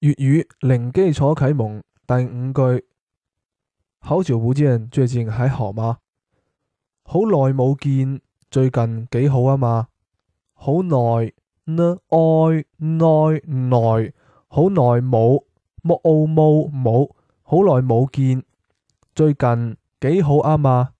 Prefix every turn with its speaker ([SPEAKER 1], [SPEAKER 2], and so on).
[SPEAKER 1] 粵語零基礎啟蒙第五句：好久不見，最近還好嗎？好耐冇見，最近幾好啊嘛？好耐呢？耐耐耐，好耐冇冇冇冇，好耐冇見，最近幾好啊嘛？